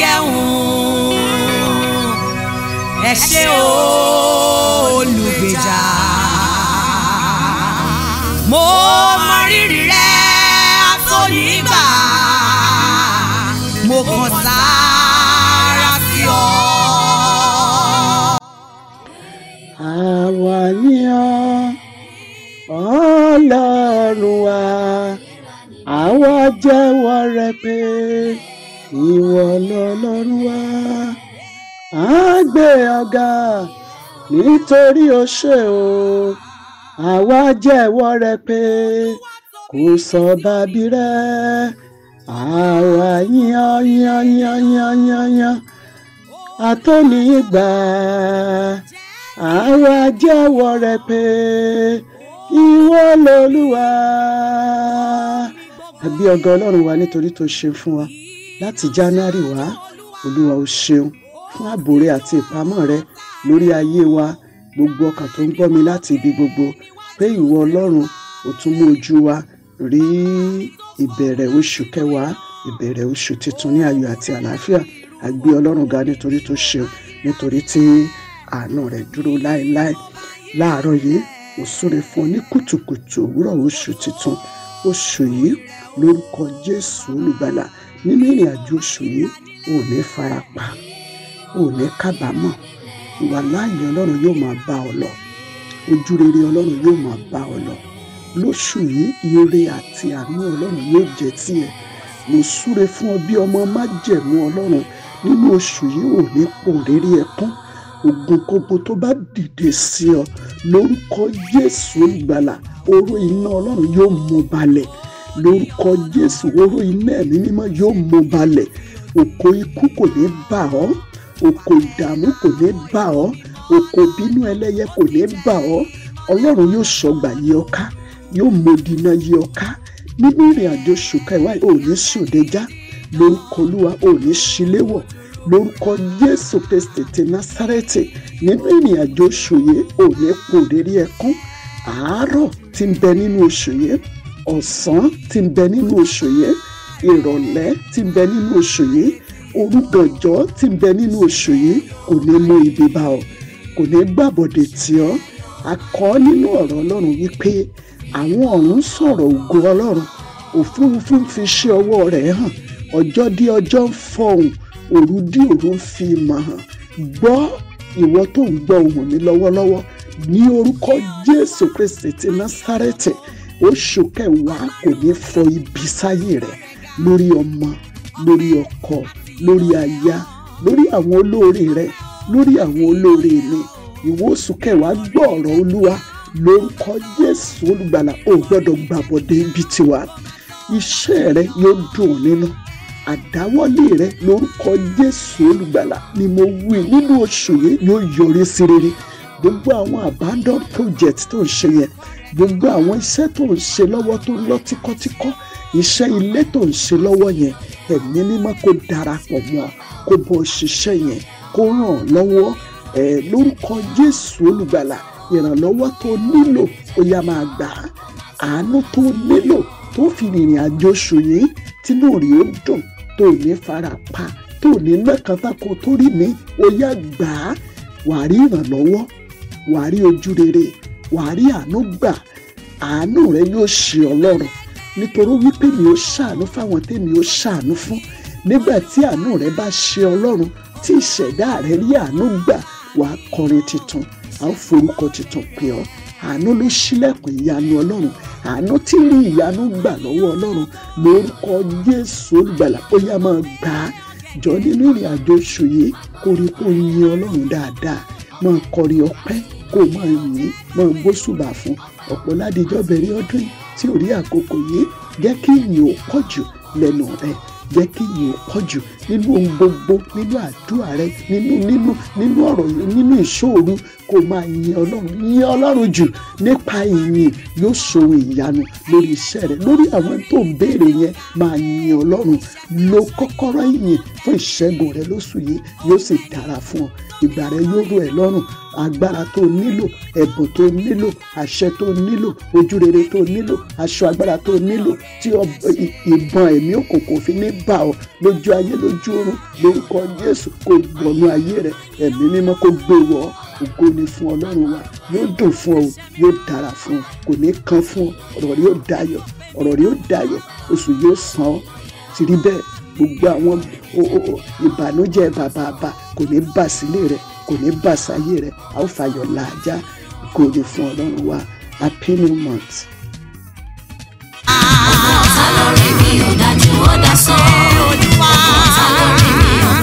yẹ hùn ẹ ṣé olùgbèjà mo mọ rírì rẹ àtọ́nígbà mo kàn sára sí ọ. àwa ni ọ ọlọ́run wa àwa jẹ́wọ́ rẹ pé ìwọ lọ́lọ́run wá à ń gbé ọ̀gá nítorí o ṣe o àwa jẹ́wọ́ rẹ pé kò sọ bàbí rẹ àwa yan yan yan yan yan yan àtọ́nìgbà àwa jẹ́wọ́ rẹ pé ìwọ lolúwa àbí ọ̀gá ọlọ́run wa nítorí tó ṣe fún wa láti january wá olúwa o ṣeun fún ààbò rẹ àti ìpamọ́ rẹ lórí ayé wa gbogbo ọkàn tó ń gbọ́ mi láti ibi gbogbo pé ìwọ ọlọ́run ò tún mú ojú wa rí ìbẹ̀rẹ̀ oṣù kẹwàá ìbẹ̀rẹ̀ oṣù tuntun ní ayọ̀ àti àlàáfíà a gbé ọlọ́run ga nítorí tó ṣeun nítorí tí àánú rẹ̀ dúró láéláé láàárọ̀ yìí ó súre fún ọ ní kùtùkùtù òwúrọ̀ oṣù tuntun oṣù yìí lórúkọ jésù olùgbàlà nínú ìrìn àjò oṣù yìí ò ní fara pa ò ní kábàámọ̀ ìwà láàyè ọlọ́run yóò máa bá ọ lọ ojú rere ọlọ́run yóò máa bá ọ lọ lóṣù yìí ire àti àánú ọlọ́run yóò jẹ́ tiẹ̀ mo súre fún ọ bí ọmọ májẹ̀mú ọlọ́run nínú oṣù yìí ò ní pòǹdérí ẹkún ògùnkógbó tó bá dìde sí ọ lórúkọ Jésù ìgbàlà oró iná ọlọ́run yóò mú balẹ̀ lórúkọ Jésù oró iná ẹ̀mí mímọ́ yóò mú balẹ̀ òkò ikú kò ní bà ọ́ òkò ìdààmú kò ní bà ọ́ òkò bínú ẹlẹ́yẹ kò ní bà ọ́ Ọlọ́run yóò sọgbà yí ọ ká yóò mòdì iná yí ọ ká nínú ìrìn àjò ṣùkà ìwádìí ò ní sùdẹ́já lórúkọ Olúwa ò ní ṣíléwọ̀ lórúkọ Jésù Kristi ti Násárẹ́tì nínú ìrìn àjò oṣù yìí kò rírí ẹkún àárọ̀ tí ń bẹ nínú oṣù ọ̀sán ti ń bẹ nínú oṣù yìí ìrọ̀lẹ́ ti ń bẹ nínú oṣù yìí orúgànjọ́ ti ń bẹ nínú oṣù yìí kò ní mú ibi bá ọ kò ní gbàbọ̀dè tì ọ́ a kọ́ nínú ọ̀rọ̀ ọlọ́run wípé àwọn ọ̀run sọ̀rọ̀ ògo ọlọ́run òfurufú ń fi ṣe ọwọ́ rẹ̀ hàn ọjọ́ dí ọjọ́ ń fọhùn òru dí òru ń fi ìmọ̀ hàn gbọ́ ìwọ tó ń gbọ́ ohùn mi lọ́wọ́lọ́wọ́ ní orúkọ Jésù Kristi ti Násárẹ́tì oṣù kẹwàá kò ní fọ ibi sáyé rẹ lórí ọmọ lórí ọkọ lórí aya lórí àwọn olóore rẹ lórí àwọn olóore mi ìwọ oṣù kẹwàá gbọ́ ọ̀rọ̀ olúwa lórúkọ jésù olùgbàlà ò gbọ́dọ̀ gbàbọ̀dé ibi tiwa iṣẹ́ rẹ yóò dùn nínú àdáwọ́lé rẹ lórúkọ jésù olùgbàlà ni mo wí nínú oṣù yìí yóò yọrí sí rere gbogbo àwọn abandon project tó ń ṣe yẹn gbogbo àwọn iṣẹ́ tó ń ṣe lọ́wọ́ tó ń lọ tíkọ́tíkọ́ iṣẹ́ ilé tó ń ṣe lọ́wọ́ yẹn ẹ̀mí mímọ́ kó darapọ̀ mọ́ kó bọ́ ṣiṣẹ́ yẹn kó ràn lọ́wọ́ ẹ̀ lórúkọ Jésù olùgbàlà ìrànlọ́wọ́ tó nílò ó máa gbà á àánú tó nílò tó fi rìnrìn àjò oṣù yìí tínú rí ó dùn tó ní fara pa tó ní mẹ́kàntà kó tó rí mi ó gbà á wàá rí ìrànlọ́wọ́ wà á rí ojú rere wà á rí àánú gbà àánú rẹ yóò ṣe ọlọ́run nítorí wípé mi ò ṣàánú fáwọn tèmi ò ṣàánú fún nígbà tí àánú rẹ bá ṣe ọlọ́run tí ìṣẹ̀dá rẹ rí àánú gbà wàá kọrin tuntun à ń forúkọ tuntun pè ọ́ àánú ló ṣílẹ̀kùn ìyanu ọlọ́run àánú tí rí ìyanu gbà lọ́wọ́ ọlọ́run lórúkọ Jésù olùgbàlà ó yá máa gbà á jọ nínú ìrìn àjò oṣù yìí kórìkò yin ọlọ́run dáadáa máa kọrin ọpẹ́ kó mọ̀ yìí mọ̀ ń bó ṣùbà fún ọ̀pọ̀ ládìjọ́ bẹ̀rẹ̀ ọdún yìí tí ò rí àkókò yìí jẹ́ kí ìyìn ò pọ̀ jù lẹ́nu rẹ̀ jẹ́ kí ìyìn ò pọ̀ nínú ohun gbogbo nínú àdúrà rẹ nínú nínú nínú ọ̀rọ̀ nínú ìṣòro kó máa yin ọlọ́run yin ọlọ́run jù nípa ìyìn yóò ṣòro ìyanu lórí iṣẹ́ rẹ lórí àwọn tó ń béèrè yẹn máa yin ọlọ́run lo kọ́kọ́rọ́ ìyìn fún ìṣẹ́gun rẹ lóṣù yìí yóò sì dára fún ọ ìgbà rẹ yóò rọ̀ ẹ́ lọ́rùn agbára tó nílò ẹ̀bùn tó nílò àṣẹ tó nílò ojú tó nílò aṣọ agbára tó nílò tí ìbọn ẹ̀mí òkùnkùn fi ní bà ọ lójú ayé lójú ojú oorun lórúkọ Jésù kó wọnú ayé rẹ ẹ̀mí mímọ́ kó gbé ògo ni fún Ọlọ́run wa yóò dùn fún ọ yóò dára fún ọ kò ní kan fún ọ ọ̀rọ̀ rẹ yóò dayọ̀ ọ̀rọ̀ rẹ yóò dayọ̀ oṣù yóò sàn ọ ti rí bẹ́ẹ̀ gbogbo àwọn ìbànújẹ́ bàbà kò ní bà sílé rẹ kò ní bà sáyé rẹ a ó fàyọ̀ làájá kò ní fún Ọlọ́run wa happy new month. ọ̀pọ̀ ọ̀tá lọ́rẹ́ mi ò dájú ó dá sọ́ọ́.